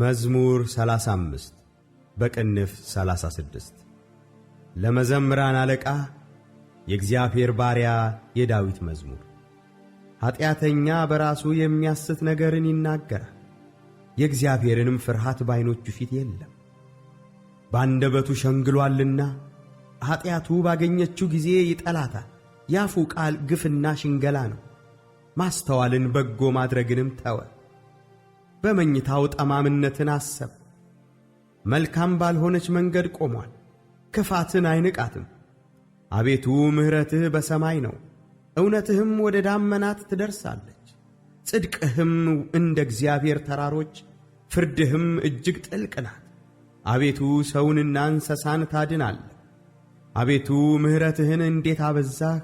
መዝሙር 35 በቅንፍ 36 ለመዘምራን አለቃ የእግዚአብሔር ባሪያ የዳዊት መዝሙር። ኀጢአተኛ በራሱ የሚያስት ነገርን ይናገራል፣ የእግዚአብሔርንም ፍርሃት በዓይኖቹ ፊት የለም። ባንደበቱ ሸንግሏልና ኀጢአቱ ባገኘችው ጊዜ ይጠላታል። ያፉ ቃል ግፍና ሽንገላ ነው፣ ማስተዋልን በጎ ማድረግንም ተወል። በመኝታው ጠማምነትን አሰብ። መልካም ባልሆነች መንገድ ቆሟል፣ ክፋትን አይንቃትም። አቤቱ ምሕረትህ በሰማይ ነው፣ እውነትህም ወደ ዳመናት ትደርሳለች። ጽድቅህም እንደ እግዚአብሔር ተራሮች፣ ፍርድህም እጅግ ጥልቅ ናት። አቤቱ ሰውንና እንስሳን ታድናለ። አቤቱ ምሕረትህን እንዴት አበዛህ!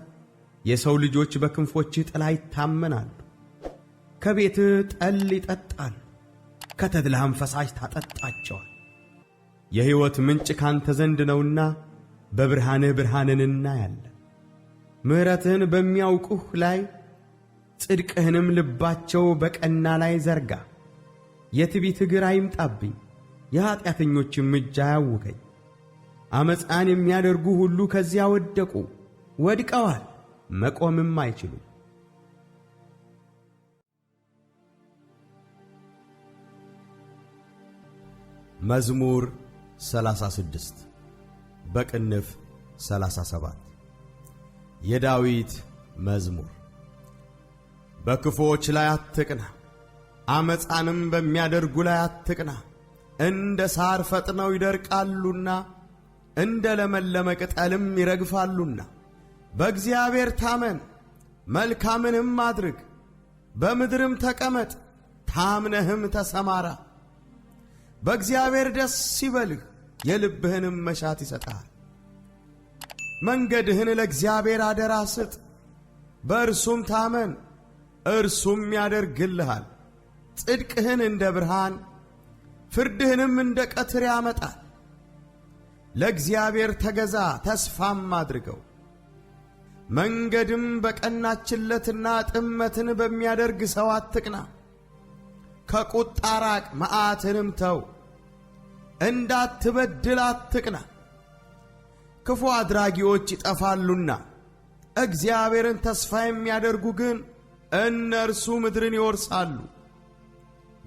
የሰው ልጆች በክንፎችህ ጥላ ይታመናሉ፣ ከቤትህ ጠል ይጠጣሉ። ከተድላህም ፈሳሽ ታጠጣቸዋል። የሕይወት ምንጭ ካንተ ዘንድ ነውና በብርሃንህ ብርሃንን እናያለን። ምሕረትህን በሚያውቁህ ላይ ጽድቅህንም ልባቸው በቀና ላይ ዘርጋ። የትቢት እግር አይምጣብኝ፣ የኀጢአተኞችም እጅ አያውከኝ። ዓመፃን የሚያደርጉ ሁሉ ከዚያ ወደቁ፣ ወድቀዋል፣ መቆምም አይችሉም። መዝሙር 36 በቅንፍ 37 የዳዊት መዝሙር። በክፉዎች ላይ አትቅና፣ አመፃንም በሚያደርጉ ላይ አትቅና። እንደ ሳር ፈጥነው ይደርቃሉና እንደ ለመለመ ቅጠልም ይረግፋሉና። በእግዚአብሔር ታመን፣ መልካምንም አድርግ፣ በምድርም ተቀመጥ፣ ታምነህም ተሰማራ። በእግዚአብሔር ደስ ይበልህ፣ የልብህንም መሻት ይሰጥሃል። መንገድህን ለእግዚአብሔር አደራ ስጥ፣ በእርሱም ታመን፣ እርሱም ያደርግልሃል። ጽድቅህን እንደ ብርሃን ፍርድህንም እንደ ቀትር ያመጣል። ለእግዚአብሔር ተገዛ፣ ተስፋም አድርገው። መንገድም በቀናችለትና ጥመትን በሚያደርግ ሰው አትቅና። ከቁጣ ራቅ፣ መዓትንም ተው። እንዳትበድል አትቅና፣ ክፉ አድራጊዎች ይጠፋሉና። እግዚአብሔርን ተስፋ የሚያደርጉ ግን እነርሱ ምድርን ይወርሳሉ።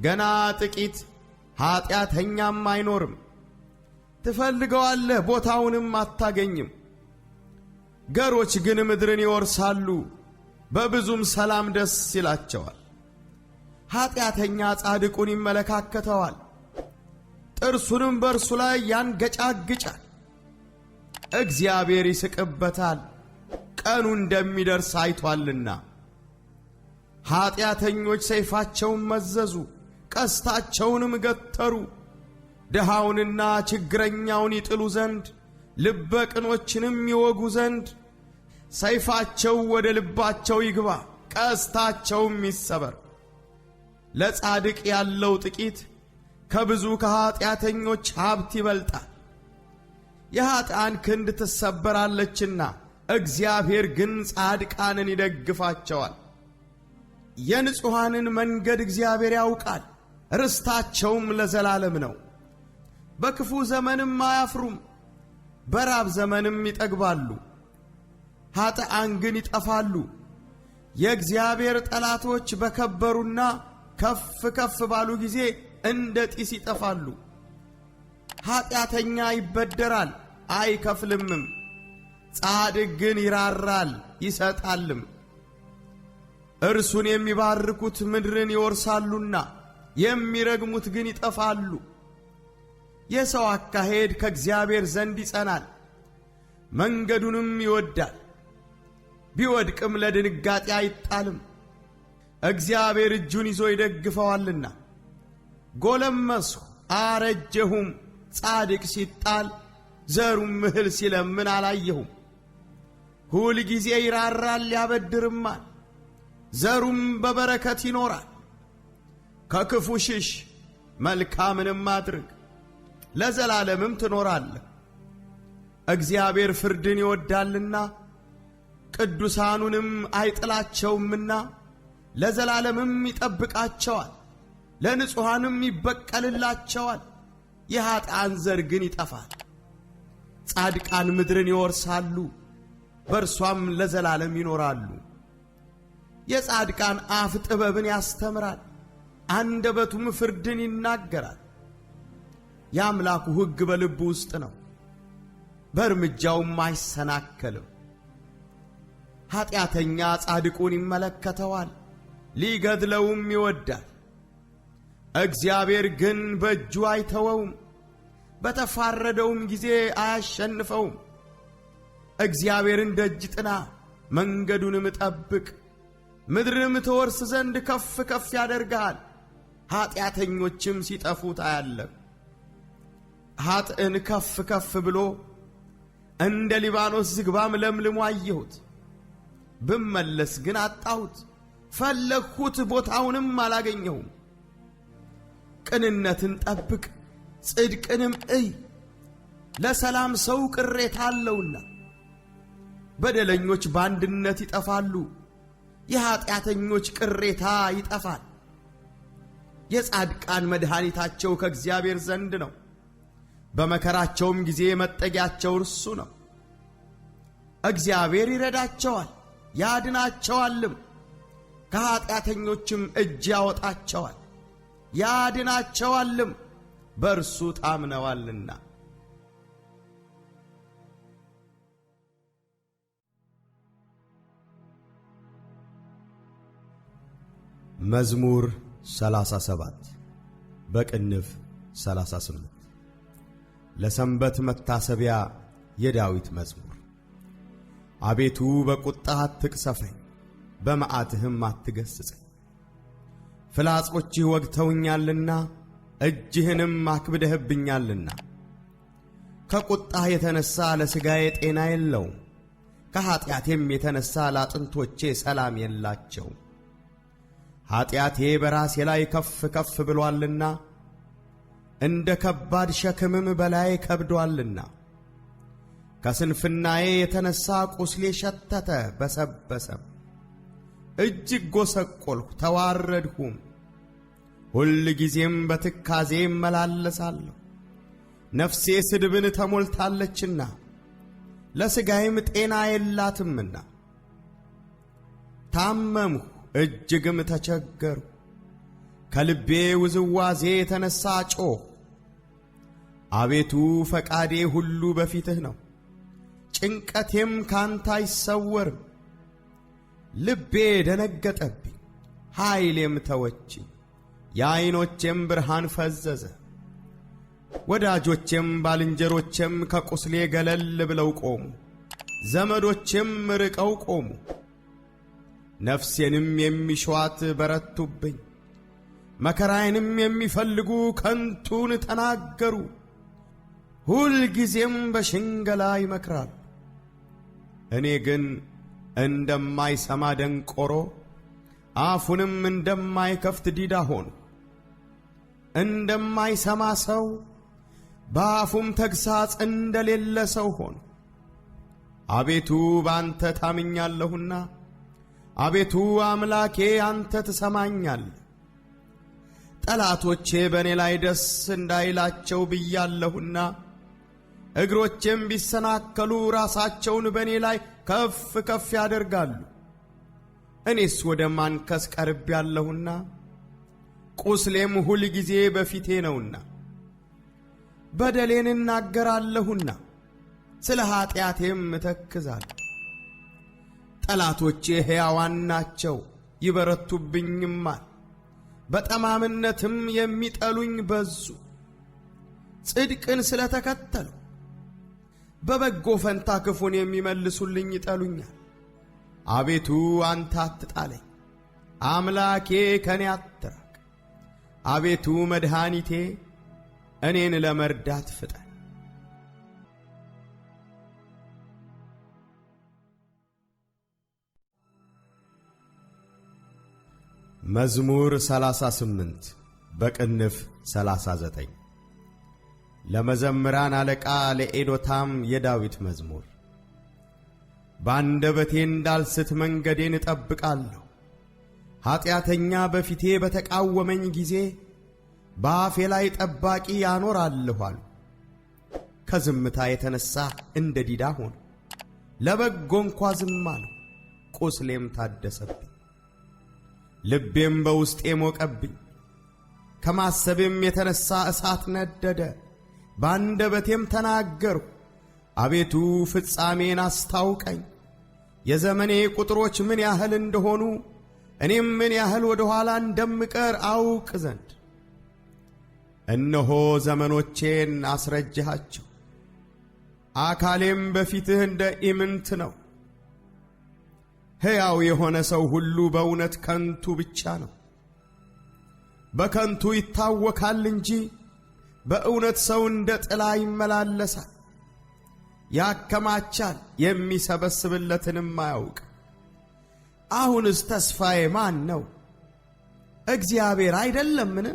ገና ጥቂት ኀጢአተኛም አይኖርም። ትፈልገዋለህ፣ ቦታውንም አታገኝም። ገሮች ግን ምድርን ይወርሳሉ፣ በብዙም ሰላም ደስ ይላቸዋል። ኀጢአተኛ ጻድቁን ይመለካከተዋል ጥርሱንም በእርሱ ላይ ያንገጫግጫል። እግዚአብሔር ይስቅበታል፣ ቀኑ እንደሚደርስ አይቷልና። ኀጢአተኞች ሰይፋቸውን መዘዙ፣ ቀስታቸውንም ገተሩ። ድሃውንና ችግረኛውን ይጥሉ ዘንድ ልበ ቅኖችንም ይወጉ ዘንድ ሰይፋቸው ወደ ልባቸው ይግባ፣ ቀስታቸውም ይሰበር። ለጻድቅ ያለው ጥቂት ከብዙ ከኀጢአተኞች ሀብት ይበልጣል። የኀጥኣን ክንድ ትሰበራለችና እግዚአብሔር ግን ጻድቃንን ይደግፋቸዋል። የንጹሐንን መንገድ እግዚአብሔር ያውቃል፣ ርስታቸውም ለዘላለም ነው። በክፉ ዘመንም አያፍሩም፣ በራብ ዘመንም ይጠግባሉ። ኀጥኣን ግን ይጠፋሉ። የእግዚአብሔር ጠላቶች በከበሩና ከፍ ከፍ ባሉ ጊዜ እንደ ጢስ ይጠፋሉ። ኀጢአተኛ ይበደራል አይከፍልምም፣ ጻድቅ ግን ይራራል ይሰጣልም። እርሱን የሚባርኩት ምድርን ይወርሳሉና የሚረግሙት ግን ይጠፋሉ። የሰው አካሄድ ከእግዚአብሔር ዘንድ ይጸናል፣ መንገዱንም ይወዳል። ቢወድቅም ለድንጋጤ አይጣልም፣ እግዚአብሔር እጁን ይዞ ይደግፈዋልና። ጎለመስሁ አረጀሁም። ጻድቅ ሲጣል ዘሩም እህል ሲለምን አላየሁም። ሁል ጊዜ ይራራል ያበድርማል፣ ዘሩም በበረከት ይኖራል። ከክፉ ሽሽ መልካምንም አድርግ፣ ለዘላለምም ትኖራለህ። እግዚአብሔር ፍርድን ይወዳልና ቅዱሳኑንም አይጥላቸውምና ለዘላለምም ይጠብቃቸዋል። ለንጹሐንም ይበቀልላቸዋል። የኀጥኣን ዘር ግን ይጠፋል። ጻድቃን ምድርን ይወርሳሉ፣ በእርሷም ለዘላለም ይኖራሉ። የጻድቃን አፍ ጥበብን ያስተምራል፣ አንደበቱም ፍርድን ይናገራል። የአምላኩ ሕግ በልቡ ውስጥ ነው፣ በእርምጃውም አይሰናከልም። ኀጢአተኛ ጻድቁን ይመለከተዋል፣ ሊገድለውም ይወዳል። እግዚአብሔር ግን በእጁ አይተወውም፣ በተፋረደውም ጊዜ አያሸንፈውም። እግዚአብሔርን ደጅ ጥና፣ መንገዱንም ጠብቅ፣ ምድርም ትወርስ ዘንድ ከፍ ከፍ ያደርግሃል። ኀጢአተኞችም ሲጠፉ ታያለህ። ኀጥእን ከፍ ከፍ ብሎ እንደ ሊባኖስ ዝግባም ለምልሞ አየሁት። ብመለስ ግን አጣሁት፣ ፈለግሁት፣ ቦታውንም አላገኘሁም። ቅንነትን ጠብቅ፣ ጽድቅንም እይ። ለሰላም ሰው ቅሬታ አለውና በደለኞች በአንድነት ይጠፋሉ፣ የኀጢአተኞች ቅሬታ ይጠፋል። የጻድቃን መድኃኒታቸው ከእግዚአብሔር ዘንድ ነው፣ በመከራቸውም ጊዜ መጠጊያቸው እርሱ ነው። እግዚአብሔር ይረዳቸዋል ያድናቸዋልም፣ ከኀጢአተኞችም እጅ ያወጣቸዋል። ያድናቸዋልም በእርሱ ታምነዋልና። መዝሙር 37 በቅንፍ 38 ለሰንበት መታሰቢያ የዳዊት መዝሙር። አቤቱ በቁጣህ አትቅሰፈኝ፣ በመዓትህም አትገሥጸኝ ፍላጾችህ ወግተውኛልና እጅህንም አክብደህብኛልና። ከቁጣህ የተነሳ ለሥጋዬ ጤና የለውም፣ ከኀጢአቴም የተነሳ ለአጥንቶቼ ሰላም የላቸው። ኀጢአቴ በራሴ ላይ ከፍ ከፍ ብሎአልና እንደ ከባድ ሸክምም በላይ ከብዶአልና። ከስንፍናዬ የተነሳ ቁስሌ ሸተተ በሰበሰም፣ እጅግ ጐሰቈልሁ ተዋረድሁም። ሁል ጊዜም በትካዜ እመላለሳለሁ። ነፍሴ ስድብን ተሞልታለችና ለሥጋዬም ጤና የላትምና ታመምሁ፣ እጅግም ተቸገሩ። ከልቤ ውዝዋዜ የተነሣ ጮኽ። አቤቱ ፈቃዴ ሁሉ በፊትህ ነው፣ ጭንቀቴም ካንተ አይሰወርም። ልቤ ደነገጠብኝ፣ ኀይሌም ተወችኝ። የዐይኖቼም ብርሃን ፈዘዘ። ወዳጆቼም ባልንጀሮቼም ከቁስሌ ገለል ብለው ቆሙ፣ ዘመዶቼም ርቀው ቆሙ። ነፍሴንም የሚሸዋት በረቱብኝ፣ መከራዬንም የሚፈልጉ ከንቱን ተናገሩ። ሁል ጊዜም በሽንገላ ይመክራል! እኔ ግን እንደማይሰማ ደንቆሮ አፉንም እንደማይከፍት ዲዳ ሆኑ። እንደማይሰማ ሰው በአፉም ተግሣጽ እንደሌለ ሰው ሆንሁ። አቤቱ ባንተ ታምኛለሁና፣ አቤቱ አምላኬ አንተ ትሰማኛለህ። ጠላቶቼ በእኔ ላይ ደስ እንዳይላቸው ብያለሁና፣ እግሮቼም ቢሰናከሉ ራሳቸውን በእኔ ላይ ከፍ ከፍ ያደርጋሉ። እኔስ ወደ ማንከስ ያለሁና! ቁስሌም ሁል ጊዜ በፊቴ ነውና በደሌን እናገራለሁና ስለ ኀጢአቴም እተክዛለሁ። ጠላቶቼ ሕያዋን ናቸው ይበረቱብኝማል፣ በጠማምነትም የሚጠሉኝ በዙ። ጽድቅን ስለ ተከተሉ በበጎ ፈንታ ክፉን የሚመልሱልኝ ይጠሉኛል። አቤቱ አንተ አትጣለኝ፣ አምላኬ ከኔ አትራ። አቤቱ መድኃኒቴ እኔን ለመርዳት ፍጠን። መዝሙር 38 በቅንፍ 39 ለመዘምራን አለቃ ለኤዶታም የዳዊት መዝሙር። በአንደበቴ እንዳልስት መንገዴን እጠብቃለሁ ኀጢአተኛ በፊቴ በተቃወመኝ ጊዜ በአፌ ላይ ጠባቂ አኖራለሁ ከዝምታ የተነሣ እንደ ዲዳ ሆነ። ለበጎ እንኳ ዝም ቁስሌም ታደሰብኝ፣ ልቤም በውስጤ ሞቀብኝ። ከማሰብም የተነሣ እሳት ነደደ፣ በአንደበቴም ተናገርሁ። አቤቱ ፍጻሜን አስታውቀኝ፣ የዘመኔ ቁጥሮች ምን ያህል እንደሆኑ እኔም ምን ያህል ወደ ኋላ እንደምቀር አውቅ ዘንድ እነሆ ዘመኖቼን አስረጅሃቸው፣ አካሌም በፊትህ እንደ ኢምንት ነው። ሕያው የሆነ ሰው ሁሉ በእውነት ከንቱ ብቻ ነው። በከንቱ ይታወካል እንጂ በእውነት ሰው እንደ ጥላ ይመላለሳል። ያከማቻል የሚሰበስብለትንም አያውቅ። አሁንስ ተስፋዬ ማን ነው? እግዚአብሔር አይደለምን?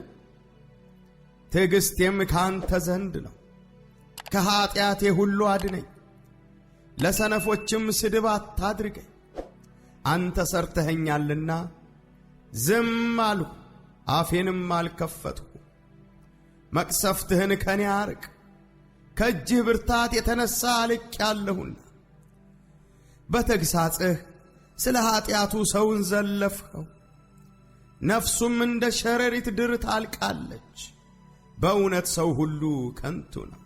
ትዕግሥቴም ካንተ ዘንድ ነው፣ ከኀጢአቴ ሁሉ አድነኝ፣ ለሰነፎችም ስድብ አታድርገኝ። አንተ ሰርተኸኛልና ዝም አልሁ፣ አፌንም አልከፈትሁ። መቅሰፍትህን ከኔ አርቅ፣ ከእጅህ ብርታት የተነሣ አልቅ ያለሁና በተግሣጽህ ስለ ኀጢአቱ ሰውን ዘለፍኸው፣ ነፍሱም እንደ ሸረሪት ድር ታልቃለች። በእውነት ሰው ሁሉ ከንቱ ነው።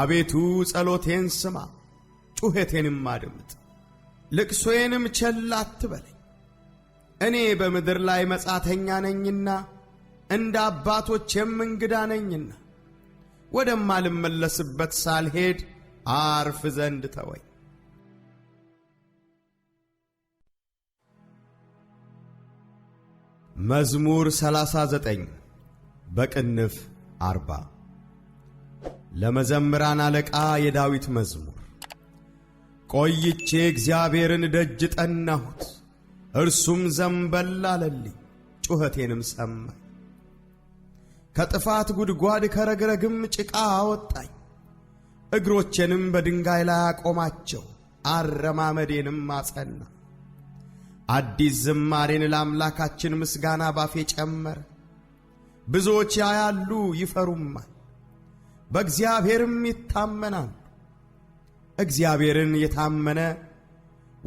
አቤቱ ጸሎቴን ስማ፣ ጩኸቴንም አድምጥ፣ ልቅሶዬንም ቸል አትበለኝ። እኔ በምድር ላይ መጻተኛ ነኝና እንደ አባቶቼም እንግዳ ነኝና ወደማልመለስበት ሳልሄድ አርፍ ዘንድ ተወኝ። መዝሙር 39 በቅንፍ 40 ለመዘምራን አለቃ የዳዊት መዝሙር። ቆይቼ እግዚአብሔርን ደጅ ጠናሁት፣ እርሱም ዘንበል አለልኝ፣ ጩኸቴንም ሰማኝ። ከጥፋት ጉድጓድ ከረግረግም ጭቃ አወጣኝ። እግሮቼንም በድንጋይ ላይ አቆማቸው፣ አረማመዴንም አጸና። አዲስ ዝማሬን ለአምላካችን ምስጋና ባፌ ጨመረ። ብዙዎች ያያሉ ይፈሩማል፣ በእግዚአብሔርም ይታመናሉ። እግዚአብሔርን የታመነ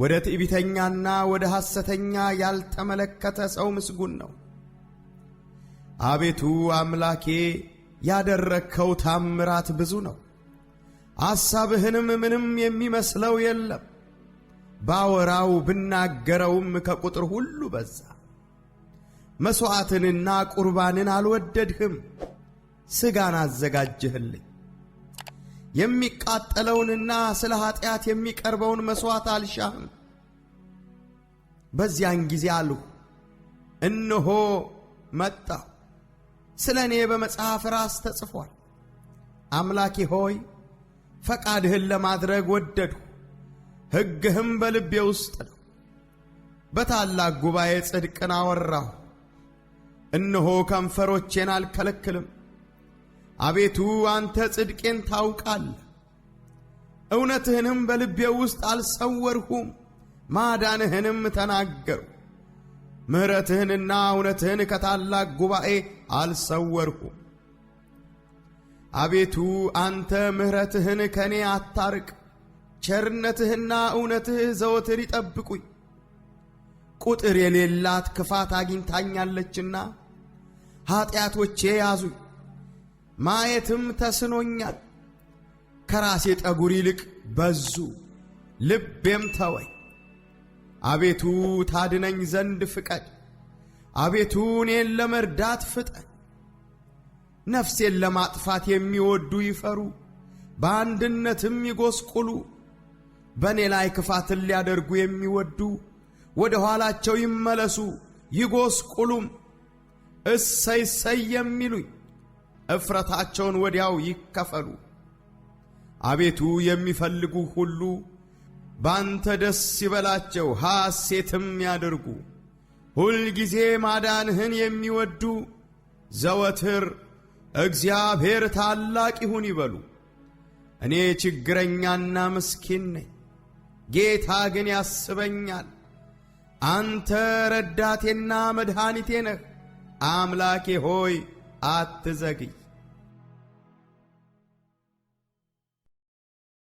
ወደ ትዕቢተኛና ወደ ሐሰተኛ ያልተመለከተ ሰው ምስጉን ነው። አቤቱ አምላኬ ያደረግከው ታምራት ብዙ ነው፣ አሳብህንም ምንም የሚመስለው የለም። ባወራው ብናገረውም ከቁጥር ሁሉ በዛ። መሥዋዕትንና ቁርባንን አልወደድህም፣ ሥጋን አዘጋጀህልኝ። የሚቃጠለውንና ስለ ኀጢአት የሚቀርበውን መሥዋዕት አልሻህም። በዚያን ጊዜ አልሁ፣ እነሆ መጣሁ፣ ስለ እኔ በመጽሐፍ ራስ ተጽፏል። አምላኬ ሆይ ፈቃድህን ለማድረግ ወደድሁ ሕግህም በልቤ ውስጥ ነው። በታላቅ ጉባኤ ጽድቅን አወራሁ፣ እነሆ ከንፈሮቼን አልከለክልም። አቤቱ አንተ ጽድቄን ታውቃለህ፣ እውነትህንም በልቤ ውስጥ አልሰወርሁም። ማዳንህንም ተናገሩ። ምሕረትህንና እውነትህን ከታላቅ ጉባኤ አልሰወርሁም። አቤቱ አንተ ምሕረትህን ከእኔ አታርቅ ቸርነትህና እውነትህ ዘወትር ይጠብቁኝ። ቁጥር የሌላት ክፋት አግኝታኛለችና ኀጢአቶቼ ያዙኝ፣ ማየትም ተስኖኛል። ከራሴ ጠጉር ይልቅ በዙ፣ ልቤም ተወኝ። አቤቱ ታድነኝ ዘንድ ፍቀድ፣ አቤቱ እኔን ለመርዳት ፍጠን። ነፍሴን ለማጥፋት የሚወዱ ይፈሩ፣ በአንድነትም ይጎስቁሉ። በእኔ ላይ ክፋትን ሊያደርጉ የሚወዱ ወደ ኋላቸው ይመለሱ ይጎስቁሉም፣ እሰይ እሰይ የሚሉኝ እፍረታቸውን ወዲያው ይከፈሉ። አቤቱ የሚፈልጉ ሁሉ ባንተ ደስ ይበላቸው ሐሴትም ያደርጉ። ሁልጊዜ ማዳንህን የሚወዱ ዘወትር እግዚአብሔር ታላቅ ይሁን ይበሉ። እኔ ችግረኛና ምስኪን ነኝ። ጌታ ግን ያስበኛል። አንተ ረዳቴና መድኃኒቴ ነህ። አምላኬ ሆይ አትዘግይ።